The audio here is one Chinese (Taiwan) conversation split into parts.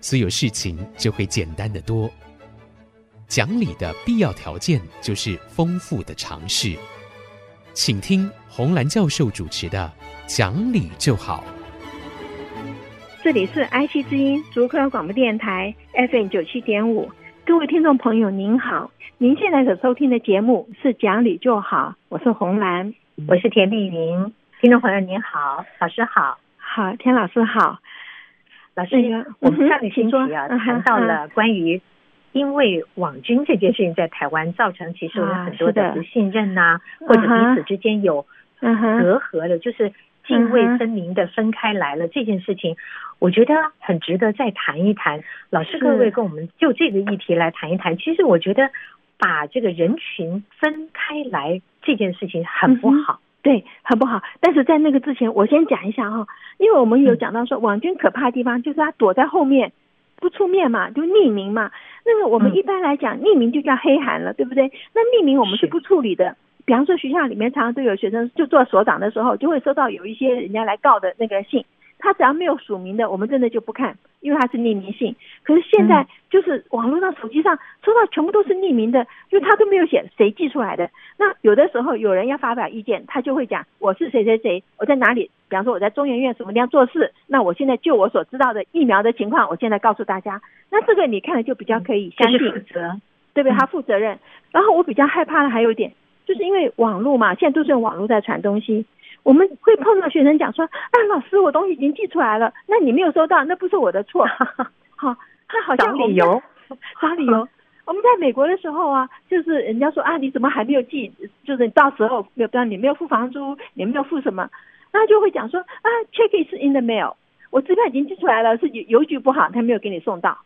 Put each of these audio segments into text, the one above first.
所有事情就會簡單得多。講理的必要條件就是豐富的常識。請聽洪蘭教授主持的《講理就好》。這裡是 I C 之音竹科廣播電台 FM 九七點五，各位聽眾朋友您好，您現在所收聽的節目是《講理就好》，我是洪蘭，我是田麗雲。聽眾朋友您好，老師好，好，田老師好。老師，我們上個星期啊、嗯、談到了關於因為網軍這件事情在台灣造成，其實我們很多的不信任吶、啊啊，或者彼此之間有隔閡的、嗯，就是涇渭分明的分開來了這件事情、嗯，我覺得很值得再談一談。老師，各位跟我們就這個議題來談一談。其實我覺得把這個人群分開來這件事情很不好。嗯對，很不好。但是在那個之前，我先講一下哈、哦，因為我們有講到說網軍可怕的地方就是他躲在後面不出面嘛，就匿名嘛。那麼我們一般來講，匿名就叫黑函了，對不對？那匿名我們是不處理的。比方說學校裡面常常都有學生，就做所長的時候，就會收到有一些人家來告的那個信。他只要沒有署名的，我們真的就不看，因為他是匿名信。可是現在就是網絡上、手機上收、嗯、到全部都是匿名的，就他都沒有寫誰寄出來的。那有的時候有人要發表意見，他就會講，我是誰誰誰，我在哪裡，比方說我在中研院什麼地方做事。那我現在就我所知道的疫苗的情況，我現在告訴大家。那這個你看了就比較可以相信、嗯就是，對不對？他負責任、嗯。然後我比較害怕的還有一點，就是因為網絡嘛，現在都是用網絡在傳東西。我們會碰到學生講說：“啊，老師，我東西已經寄出來了，那你沒有收到，那不是我的錯。”好，他好像找理由，找理由。 我們在美國的時候啊，就是人家說啊，你怎麼還沒有寄？就是到時候，我不知道你沒有付房租，你沒有付什麼，那就會講說啊，check is in the mail，我支票已經寄出來了，是郵郵局不好，他沒有給你送到，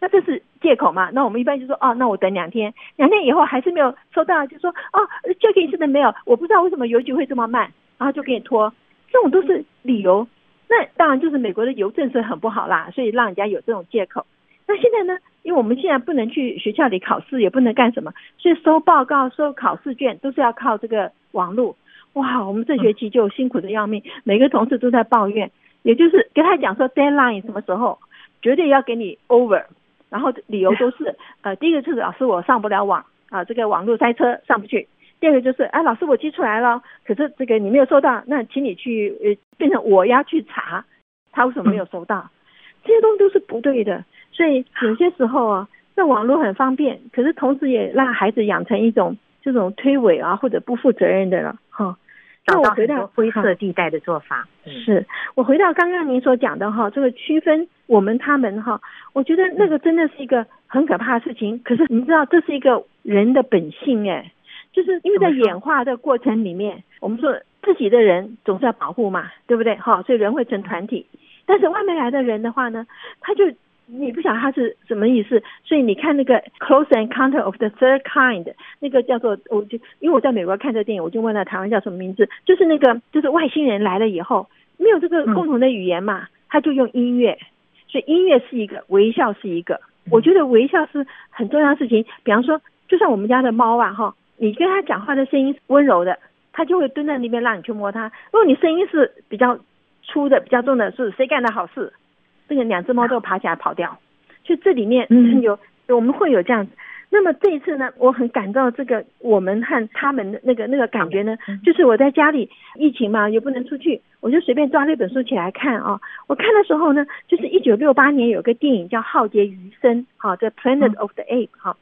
那這是借口嘛？那我們一般就說哦、啊，那我等兩天，兩天以後還是沒有收到，就說哦、啊，check is in the mail，我不知道為什麼郵局會這麼慢。然後就給你拖，這種都是理由。那當然就是美國的郵政是很不好啦，所以讓人家有這種借口。那現在呢，因為我們現在不能去學校裡考試，也不能幹什麼，所以收報告、收考試卷都是要靠這個網絡。哇，我們這學期就辛苦的要命，每個同事都在抱怨。也就是跟他講說 deadline 什麼時候，絕對要給你 over，然後理由都是呃，第一個是老師我上不了網啊，這個網絡塞車上不去。第二個就是，哎，老師，我寄出來了，可是這個你沒有收到，那請你去，呃，變成我要去查，他為什麼沒有收到，嗯。這些東西都是不對的。所以有些時候啊，啊，這網絡很方便，可是同時也讓孩子養成一種這種推諉啊或者不負責任的了。哈，那我回到灰色地帶的做法。嗯嗯、是我回到剛剛您所講的哈，這個區分我們他們哈，我覺得那個真的是一個很可怕的事情。嗯、可是你知道，這是一個人的本性哎、欸。就是因為在演化的過程裡面，我們說自己的人總是要保護嘛，對不對？哈，所以人會成團體。但是外面來的人的話呢，他就你不曉得他是什麼意思。所以你看那個 Close Encounter of the Third Kind 那個叫做，我就因為我在美國看這個電影，我就問了台灣叫什麼名字，就是那個就是外星人來了以後沒有這個共同的語言嘛、嗯，他就用音樂，所以音樂是一個，微笑是一個，我覺得微笑是很重要的事情。比方說，就像我們家的貓啊，哈。你跟他講話的聲音是溫柔的，他就會蹲在那邊讓你去摸它。如果你聲音是比較粗的，比較重的，是誰幹的好事？這、那個兩隻貓都爬起來跑掉。就這裡面有、嗯、我們會有這樣子。那麼這一次呢，我很感到這個我們和他們的那個那個感覺呢，就是我在家裡疫情嘛，也不能出去，我就隨便抓了一本書起來看啊、哦。我看的時候呢，就是一九六八年有個電影叫《浩劫餘生》，《the Planet of the Apes》哈。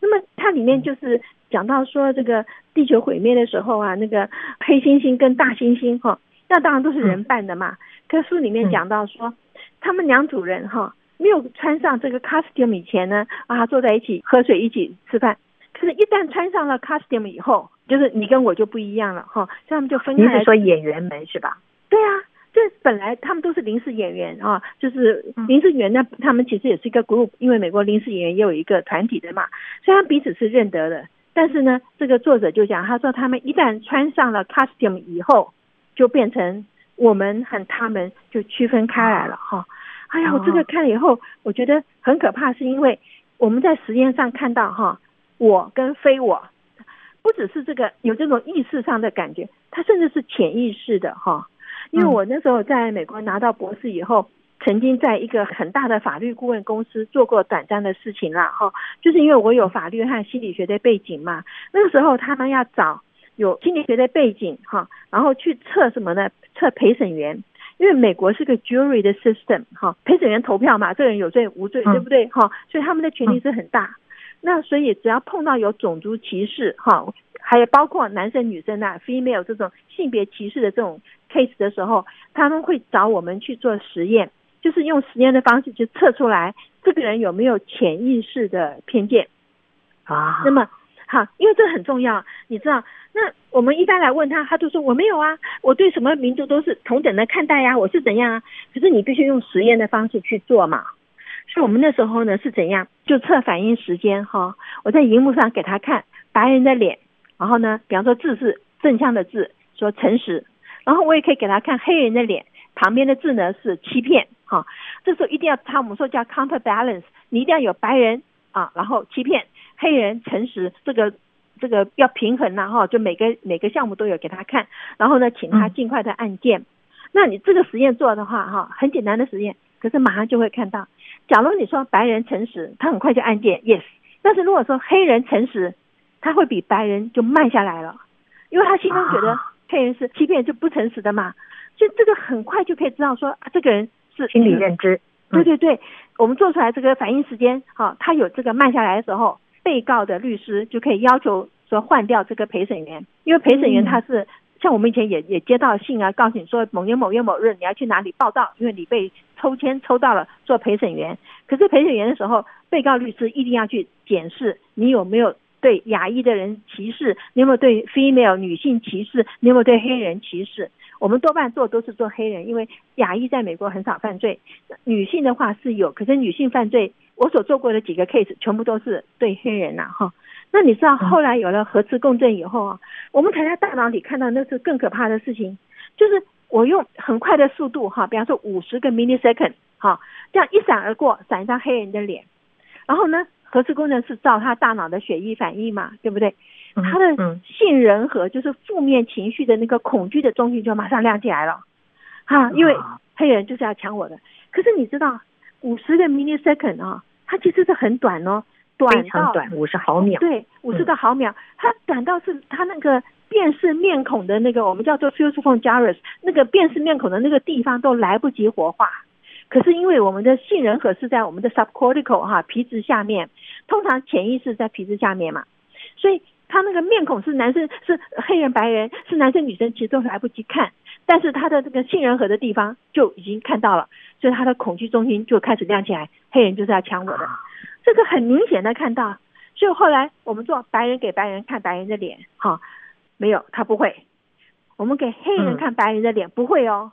那麼它裡面就是。講到說這個地球毀滅的時候啊，那個黑猩猩跟大猩猩哈，那當然都是人扮的嘛。在、嗯、書裡面講到說，嗯、他們兩組人哈，沒有穿上這個 costume 以前呢，啊，坐在一起喝水，一起吃飯。可是，一旦穿上了 costume 以後，就是你跟我就不一樣了哈。所以他們就分開。你是說演員們是吧？對啊，這本來他們都是臨時演員啊，就是臨時演員呢，他們其實也是一個 group，因為美國臨時演員也有一個團體的嘛，雖然彼此是認得的。但是呢，這個作者就講，他說他們一旦穿上了 costume 以後，就變成我們和他們就區分開來了哈、啊。哎呀，我這個看了以後，啊、我覺得很可怕，是因為我們在實驗上看到哈，我跟非我，不只是這個有這種意識上的感覺，它甚至是潛意識的哈。因為我那時候在美國拿到博士以後。嗯曾經在一個很大的法律顧問公司做過短暫的事情啦，哈，就是因為我有法律和心理學的背景嘛。那個時候他們要找有心理學的背景，哈，然後去測什麼呢？測陪審員，因為美國是個 jury 的 system，哈，陪審員投票嘛，這個人有罪無罪，對不對？哈、嗯，所以他們的權力是很大、嗯。那所以只要碰到有種族歧視，哈，還有包括男生女生吶，female 這種性別歧視的這種 case 的時候，他們會找我們去做實驗。就是用實驗的方式去測出來，這個人有沒有潛意識的偏見啊。那麼好，因為這很重要，你知道。那我們一般來問他，他都說我沒有啊，我對什麼民族都是同等的看待呀、啊，我是怎樣啊？可是你必須用實驗的方式去做嘛。所以我們那時候呢是怎樣？就測反應時間哈。我在熒幕上給他看白人的臉，然後呢，比方說字是正向的字，說誠實，然後我也可以給他看黑人的臉，旁邊的字呢是欺騙。哈、哦，這時候一定要他我們說叫 counterbalance，你一定要有白人啊，然後欺騙黑人誠實，這個這個要平衡了、啊、哈、哦，就每個每個項目都有給他看，然後呢，請他盡快的按鍵、嗯。那你這個實驗做的話哈、哦，很簡單的實驗，可是馬上就會看到，假如你說白人誠實，他很快就按鍵 yes，但是如果說黑人誠實，他會比白人就慢下來了，因為他心中覺得黑人是、啊、欺騙就不誠實的嘛，所以這個很快就可以知道說啊，這個人。是心理認知、嗯，對對對，我們做出來這個反應時間，哈，他有這個慢下來的時候，被告的律師就可以要求說換掉這個陪審員，因為陪審員他是、嗯、像我們以前也也接到信啊，告訴你說某年某月某日你要去哪裡報到，因為你被抽籤抽到了做陪審員，可是陪審員的時候，被告律師一定要去檢視你有沒有對亞裔的人歧視，你有沒有對 female 女性歧視，你有沒有對黑人歧視。我們多半做都是做黑人，因為亞裔在美國很少犯罪。女性的話是有，可是女性犯罪，我所做過的幾個 case 全部都是對黑人吶，哈、嗯。那你知道後來有了核磁共振以後啊，我們才在大腦裡看到那是更可怕的事情，就是我用很快的速度哈，比方說五十個 millisecond 哈，這樣一閃而過，閃一張黑人的臉，然後呢，核磁共振是照他大腦的血液反應嘛，對不對？他的杏仁核就是負面情緒的那個恐懼的中心，就馬上亮起來了，哈，因為黑人就是要搶我的。可是你知道，五十個 millisecond 啊，它其實是很短哦，非常短，五十毫秒，對，五十個毫秒，它短到是它那個辨識面孔的那個我們叫做 fusiform gyrus 那個辨識面孔的那個地方都來不及活化。可是因為我們的杏仁核是在我們的 subcortical 哈、啊、皮質下面，通常潛意識在皮質下面嘛，所以。那個面孔是男生，是黑人、白人，是男生、女生，其實都是來不及看，但是他的這個杏仁核的地方就已經看到了，所以他的恐懼中心就開始亮起來，黑人就是要搶我的，這個很明顯的看到。所以後來我們做白人給白人看白人的臉，好，沒有他不會；我們給黑人看白人的臉，不會哦、嗯。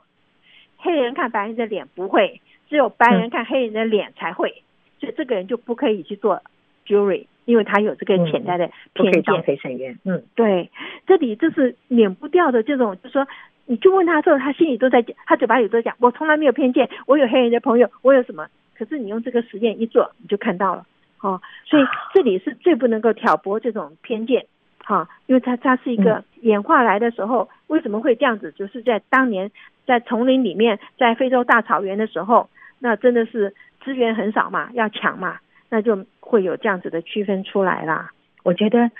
黑人看白人的臉不會，只有白人看黑人的臉才會。嗯、所以這個人就不可以去做 jury。因為他有這個潛在的偏見，嗯，嗯，對，這裡就是免不掉的這種，就是說，你就問他之後，他心裡都在，講，他嘴巴裡都在講，我從來沒有偏見，我有黑人的朋友，我有什麼？可是你用這個實驗一做，你就看到了，哦，所以這裡是最不能夠挑撥這種偏見，哈、哦，因為它它是一個演化來的時候、嗯、為什麼會這樣子，就是在當年在叢林裡面，在非洲大草原的時候，那真的是資源很少嘛，要搶嘛。那就會有這樣子的區分出來啦。我覺得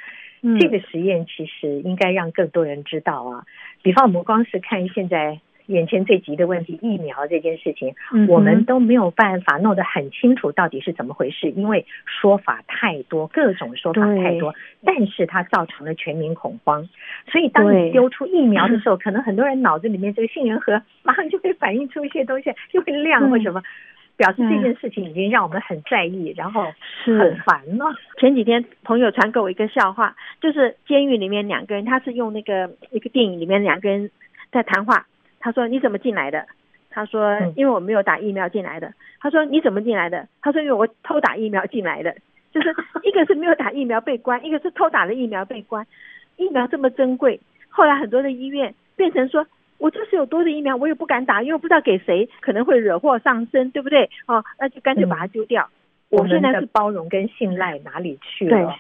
這個實驗其實應該讓更多人知道啊。嗯、比方我們光是看現在眼前最急的問題疫苗這件事情、嗯，我們都沒有辦法弄得很清楚到底是怎麼回事，因為說法太多，各種說法太多。但是它造成了全民恐慌。所以當你丟出疫苗的時候，嗯、可能很多人腦子裡面這個杏仁核馬上就會反映出一些東西，就會亮，或什麼？嗯表示這件事情已經讓我們很在意，嗯，然後很煩了，啊。前幾天朋友傳給我一個笑話，就是監獄裡面兩個人，他是用那個一個電影裡面兩個人在談話。他說：“你怎麼進來的？”他說：“因為我沒有打疫苗進來的。”他說：“你怎麼進來的？”他說：“因為我偷打疫苗進來的。”就是一個是沒有打疫苗被關，一個是偷打了疫苗被關。疫苗這麼珍貴，後來很多的醫院變成說。我就是有多的疫苗，我也不敢打，因為我不知道給誰，可能會惹禍上身，對不對？好、哦，那就乾脆把它丟掉。嗯、我現在是包容跟信賴哪裡去了？對，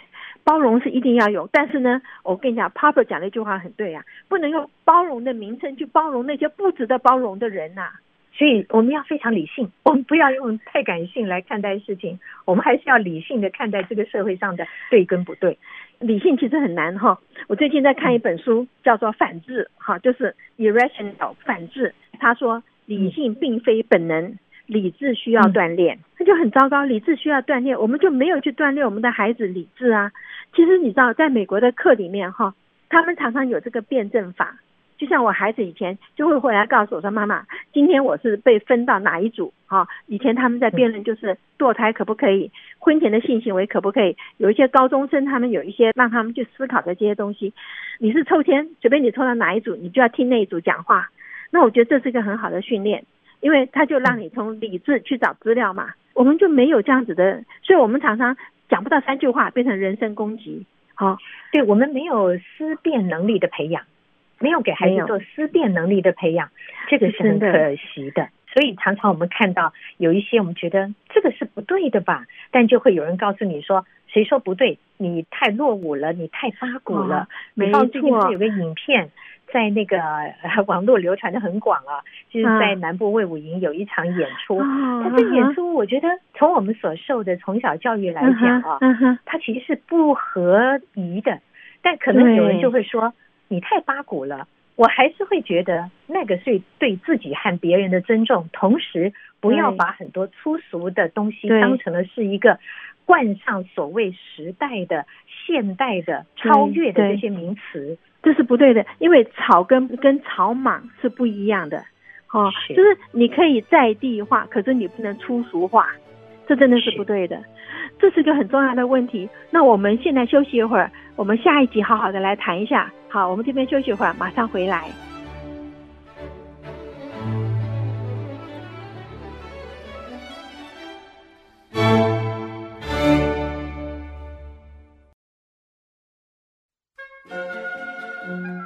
包容是一定要有，但是呢，我跟你講 Popper 講了一句話很對啊，不能用包容的名稱去包容那些不值得包容的人吶、啊。所以我們要非常理性，我們不要用太感性來看待事情，我們還是要理性的看待這個社會上的對跟不對。理性其實很難哈，我最近在看一本書，叫做《反智》，哈，就是 irrational 反智，他說，理性並非本能，理智需要鍛鍊，那就很糟糕。理智需要鍛鍊，我們就沒有去鍛鍊我們的孩子理智啊。其實你知道，在美國的課裡面哈，他們常常有這個辯證法。就像我孩子以前就會回來告訴我說：“媽媽，今天我是被分到哪一組？啊，以前他們在辯論就是墮胎可不可以，婚前的性行為可不可以？有一些高中生他們有一些讓他們去思考的這些東西。你是抽籤，隨便你抽到哪一組，你就要聽那一組講話。那我覺得這是一個很好的訓練，因為他就讓你從理智去找資料嘛。我們就沒有這樣子的，所以我們常常講不到三句話，變成人身攻擊。啊，對，我們沒有思辨能力的培養。”沒有給孩子做思辨能力的培養，這個是很可惜的，的。所以常常我們看到有一些我們覺得這個是不對的吧，但就會有人告訴你說：“誰說不對？你太落伍了，你太八股了。哦”沒錯。北最近不是有個影片在那個網絡流傳的很廣啊，就是在南部衛武營有一場演出。他、哦、這演出，我覺得從我們所受的從小教育來講啊，他、嗯嗯、其實是不合宜的。但可能有人就會說。你太八股了，我還是會覺得那個是對自己和別人的尊重，同時不要把很多粗俗的東西當成了是一個冠上所謂時代的、現代的、超越的這些名詞，這是不對的。因為草根跟、跟草莽是不一樣的，哦，是，就是你可以在地化，可是你不能粗俗化。這真的是不對的，是這是個很重要的問題。那我們現在休息一會兒，我們下一集好好的來談一下。好，我們這邊休息一會兒，馬上回來。嗯，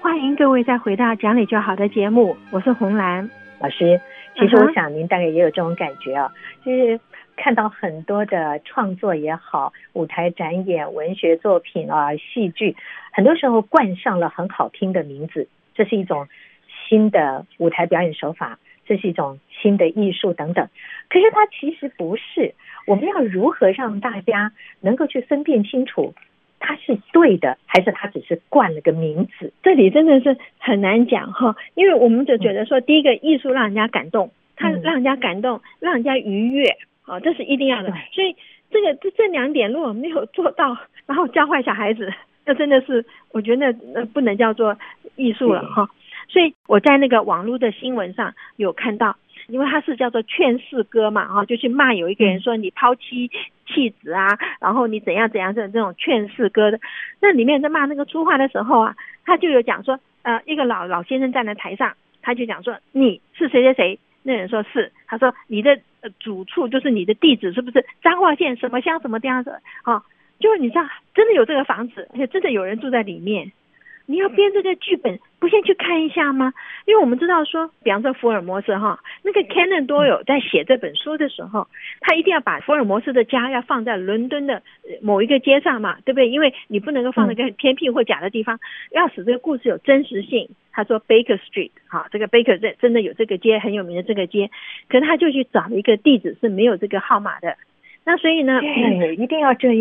歡迎各位再回到《講理就好》的節目，我是洪蘭老師。其實我想您大概也有這種感覺啊，就是。看到很多的創作也好，舞台展演、文學作品啊、戲劇，很多時候冠上了很好聽的名字，這是一種新的舞台表演手法，這是一種新的藝術等等。可是它其實不是。我們要如何讓大家能夠去分辨清楚，它是對的還是它只是冠了個名字？這裡真的是很難講哈，因為我們就覺得說，嗯，第一個藝術讓人家感動，它讓人家感動，讓人家愉悅。哦，這是一定要的，所以這個這這兩點如果沒有做到，然後教壞小孩子，那真的是我覺得那那、呃、不能叫做藝術了哈、哦。所以我在那個網絡的新聞上有看到，因為他是叫做勸世歌嘛，哈、哦，就去罵有一個人說你拋妻棄子啊、嗯，然後你怎樣怎樣這這種勸世歌的，那裡面在罵那個粗話的時候啊，他就有講說呃一個老老先生站在台上，他就講說你是誰誰誰，那人說是，他說你的。主處就是你的地址，是不是？彰化縣什麼鄉什麼這樣子啊？就是你知道真的有這個房子，而且真的有人住在裡面。你要編這個劇本，不先去看一下嗎？因為我們知道說，比方說福爾摩斯哈。那個 Conan Doyle 在寫這本書的時候，他一定要把福爾摩斯的家要放在倫敦的某一個街上嘛，對不對？因為你不能夠放在一個偏僻或假的地方，要使這個故事有真實性。他說 Baker Street，好，這個 Baker 真真的有這個街，很有名的這個街，可是他就去找了一個地址是沒有這個號碼的。那所以呢？對、嗯，一定要這樣。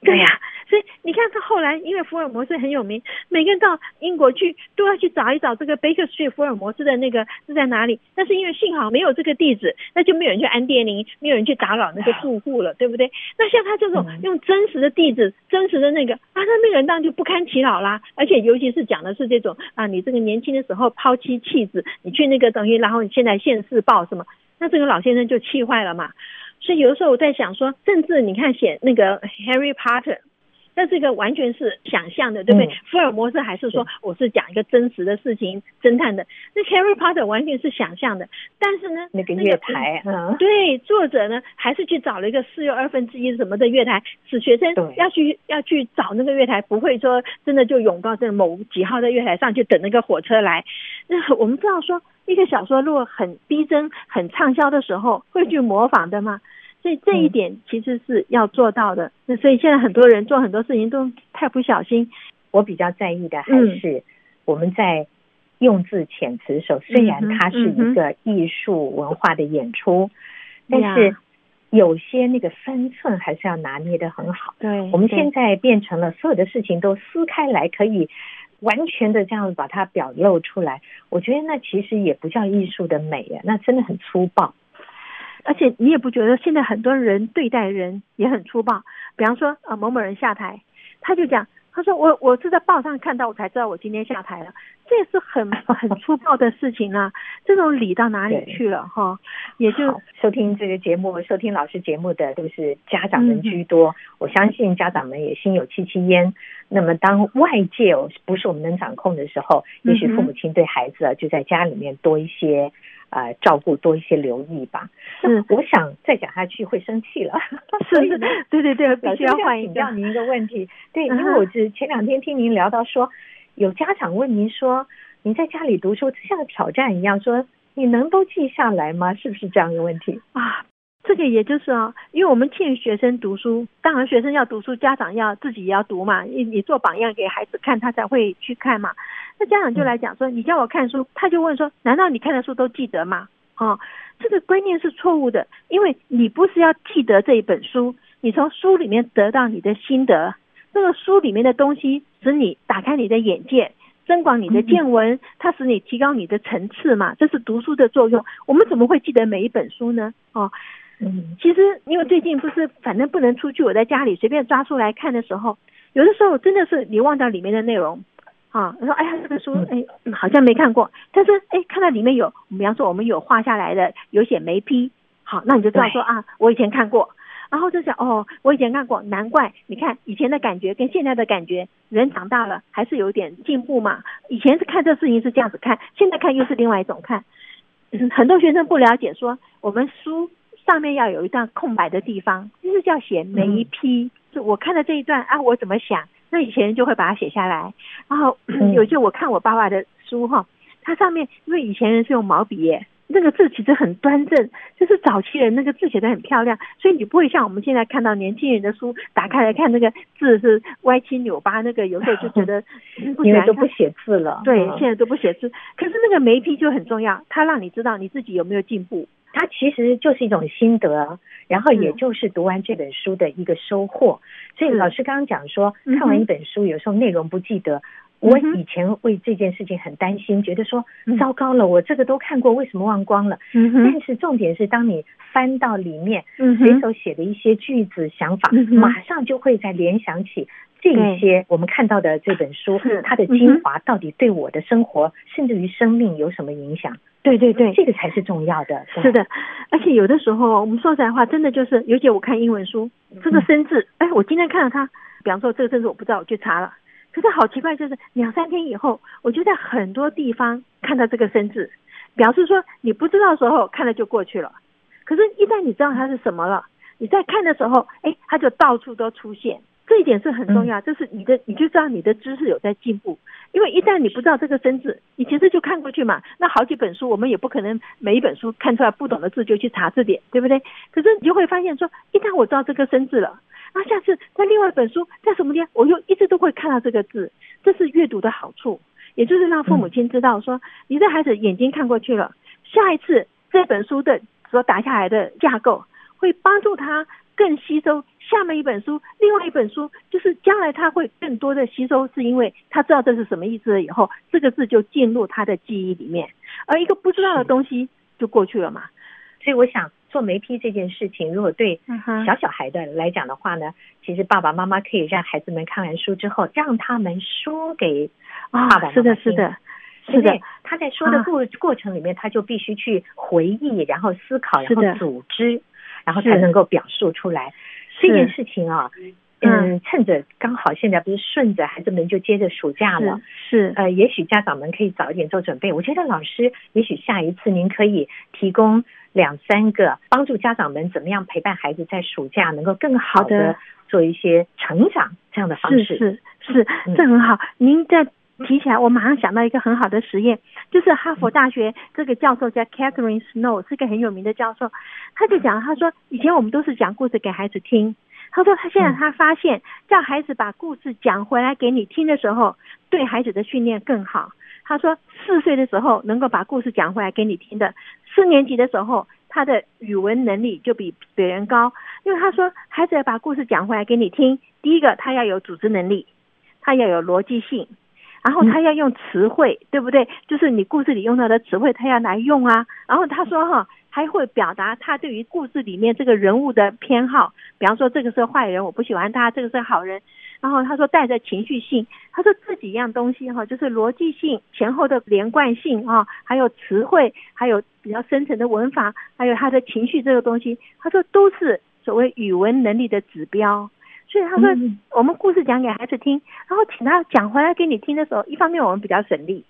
對呀、啊嗯，所以你看他後來，因為福爾摩斯很有名，每個人到英國去都要去找一找這個 Baker Street 福爾摩斯的那個是在哪裡。但是因為幸好沒有這個地址，那就沒有人去按電鈴，沒有人去打擾那個住戶了，對不對？那像他這種用真實的地址、嗯、真實的那個，啊，那那個人當然就不堪其擾啦。而且尤其是講的是這種啊，你這個年輕的時候拋妻棄子，你去那個等於，然後你現在現世報什麼，那這個老先生就氣壞了嘛。所以有的時候我在想說，甚至你看寫那個《Harry Potter》，那這個完全是想象的，對不對、嗯？福爾摩斯還是說我是講一個真實的事情，偵探的。那《Harry Potter》完全是想象的，但是呢，那個月台，那個嗯啊。對，作者呢，還是去找了一個四又二分之一什麼的月台，使學生要去要去找那個月台，不會說真的就湧到這某幾號的月台上去等那個火車來。那我們知道說。一個小說如果很逼真、很暢銷的時候，會去模仿的嗎？所以這一點其實是要做到的。嗯、那所以現在很多人做很多事情都太不小心。我比較在意的還是我們在用字遣詞的時候、嗯，雖然它是一個藝術文化的演出、嗯嗯嗯，但是有些那個分寸還是要拿捏得很好對。對，我們現在變成了所有的事情都撕開來可以。完全的這樣把它表露出來，我覺得那其實也不叫藝術的美啊，那真的很粗暴。而且你也不覺得現在很多人對待人也很粗暴，比方說啊，呃，某某人下台，他就講。他說，我我是在報上看到我才知道我今天下台了。這也是很很粗暴的事情啊 這種理到哪裡去了哈？也就收聽這個節目，收聽老師節目的都是家長們居多，嗯，我相信家長們也心有戚戚焉。那麼當外界，哦，不是我們能掌控的時候，嗯、也許父母親對孩子，啊，就在家裡面多一些。呃，照顧多一些，留意吧。嗯，那我想再講下去會生氣了。是是， 對對對，必須要換一個。請教您一個問題個，對，因為我是前兩天聽您聊到說，啊、有家長問您說，您在家裡讀書就像個挑戰一樣說，說你能都記下來嗎？是不是這樣一個問題啊？這個也就是啊，因為我們欠學生讀書，當然學生要讀書，家長要自己也要讀嘛，你你做榜樣給孩子看，他才會去看嘛。那家長就來講說，你叫我看書，他就問說，難道你看的書都記得嗎？哦，這個觀念是錯誤的，因為你不是要記得這一本書，你從書裡面得到你的心得，這、那個書裡面的東西使你打開你的眼界，增廣你的見聞、嗯，它使你提高你的層次嘛，這是讀書的作用。我們怎麼會記得每一本書呢？哦。嗯，其實因為最近不是，反正不能出去，我在家裡隨便抓出來看的時候，有的時候真的是你忘掉裡面的內容啊。說哎呀，這個書哎好像沒看過，但是哎看到裡面有，比方說我們有畫下來的，有寫眉批，好，那你就知道說啊，我以前看過，然後就想哦，我以前看過，難怪你看以前的感覺跟現在的感覺，人長大了還是有點進步嘛。以前是看這事情是這樣子看，現在看又是另外一種看。很多學生不了解說我們書。上面要有一段空白的地方，就是叫寫眉批。嗯、就我看到這一段啊，我怎麼想？那以前人就會把它寫下來。然後、嗯、有些我看我爸爸的書哈，它上面因為以前人是用毛筆耶，那個字其實很端正，就是早期人那個字寫得很漂亮，所以你不會像我們現在看到年輕人的書打開來看，那個字是歪七扭八，那個有時候就覺得。因為都不寫字了、嗯，對，現在都不寫字。可是那個眉批就很重要，它讓你知道你自己有沒有進步。它其實就是一種心得，然後也就是讀完這本書的一個收穫。嗯，所以老師剛剛講說，嗯，看完一本書，有時候內容不記得。我以前為這件事情很擔心，mm -hmm. 覺得說糟糕了，mm -hmm. 我這個都看過，為什麼忘光了？Mm -hmm. 但是重點是，當你翻到裡面，mm -hmm. 隨手寫的一些句子、想法，mm -hmm. 馬上就會再聯想起這一些我們看到的這本書它的精華到底對我的生活，甚至於生命有什麼影響？Mm -hmm. 對對對，這個才是重要的。是的，而且有的時候我們說實在話，真的就是，尤其我看英文書，mm -hmm. 這個生字，哎，我今天看到它，比方說這個生字我不知道，我去查了。可是好奇怪，就是兩三天以後，我就在很多地方看到這個生字，表示說你不知道的時候看了就過去了。可是一旦你知道它是什麼了，你在看的時候，哎，它就到處都出現。這一點是很重要，就是你的，你就知道你的知識有在進步。因為一旦你不知道這個生字，你其實就看過去嘛。那好幾本書，我們也不可能每一本書看出來不懂的字就去查字典，對不對？可是你就會發現說，說一旦我知道這個生字了，那下次那另外一本書在什麼地方，我又一直都會看到這個字。這是閱讀的好處，也就是讓父母親知道說，你的孩子眼睛看過去了，下一次這本書的所打下來的架構，會幫助他更吸收。下面一本書，另外一本書就是將來他會更多的吸收，是因為他知道這是什麼意思了以後，這個字就進入他的記憶裡面，而一個不知道的東西就過去了嘛。所以我想做媒體這件事情，如果對小小孩的來講的話呢、嗯，其實爸爸媽媽可以讓孩子們看完書之後，讓他們說給爸爸的話聽、哦。是的，是的，是的。他在說的過過程裡面，啊、他就必須去回憶，然後思考，然後組織，然後才能夠表述出來。這件事情啊，嗯，嗯，趁着剛好現在不是順着孩子們就接着暑假了，是，是呃，也許家長們可以早一點做準備。我覺得老師，也許下一次您可以提供兩三個，幫助家長們怎麼樣陪伴孩子在暑假能夠更好的做一些成長這樣的方式，是是，是，這很好。您在。提起來，我馬上想到一個很好的實驗，就是哈佛大學這個教授叫 Catherine Snow，是個很有名的教授。他就講，他說以前我們都是講故事給孩子聽。他說他現在他發現，叫孩子把故事講回來給你聽的時候，對孩子的訓練更好。他說四歲的時候能夠把故事講回來給你聽的，四年級的時候他的語文能力就比別人高。因為他說，孩子要把故事講回來給你聽，第一個他要有組織能力，他要有邏輯性。然後他要用詞彙，對不對？就是你故事裡用到的詞彙，他要來用啊。然後他說哈、啊，還會表達他對於故事裡面這個人物的偏好，比方說這個是壞人，我不喜歡他，這個是好人。然後他說帶着情緒性，他說這幾樣東西哈、啊，就是邏輯性、前後的連貫性啊，還有詞彙，還有比較深層的文法，還有他的情緒這個東西，他說都是所謂語文能力的指標。所以他說，我們故事講給孩子聽、嗯，然後請他講回來給你聽的時候，一方面我們比較省力，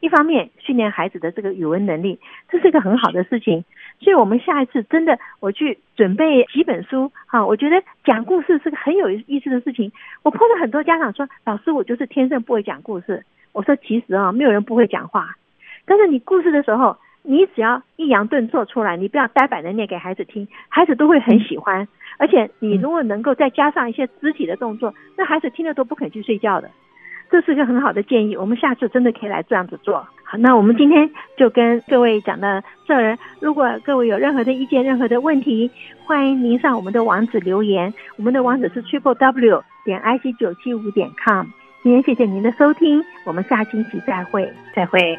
一方面訓練孩子的這個語文能力，這是一個很好的事情。所以，我們下一次真的我去準備幾本書啊，我覺得講故事是個很有意思的事情。我碰到很多家長說，老師，我就是天生不會講故事。我說，其實啊、哦，沒有人不會講話，但是你故事的時候。你只要抑揚頓挫出來，你不要呆板的念給孩子聽，孩子都會很喜歡。而且你如果能夠再加上一些肢體的動作，那孩子聽了都不肯去睡覺的。這是一個很好的建議，我們下次真的可以來這樣子做。好，那我們今天就跟各位講到這兒。如果各位有任何的意見、任何的問題，歡迎您上我們的網址留言。我們的網址是 Triple W 點 IC 九七五點 com。今天謝謝您的收聽，我們下星期再會，再會。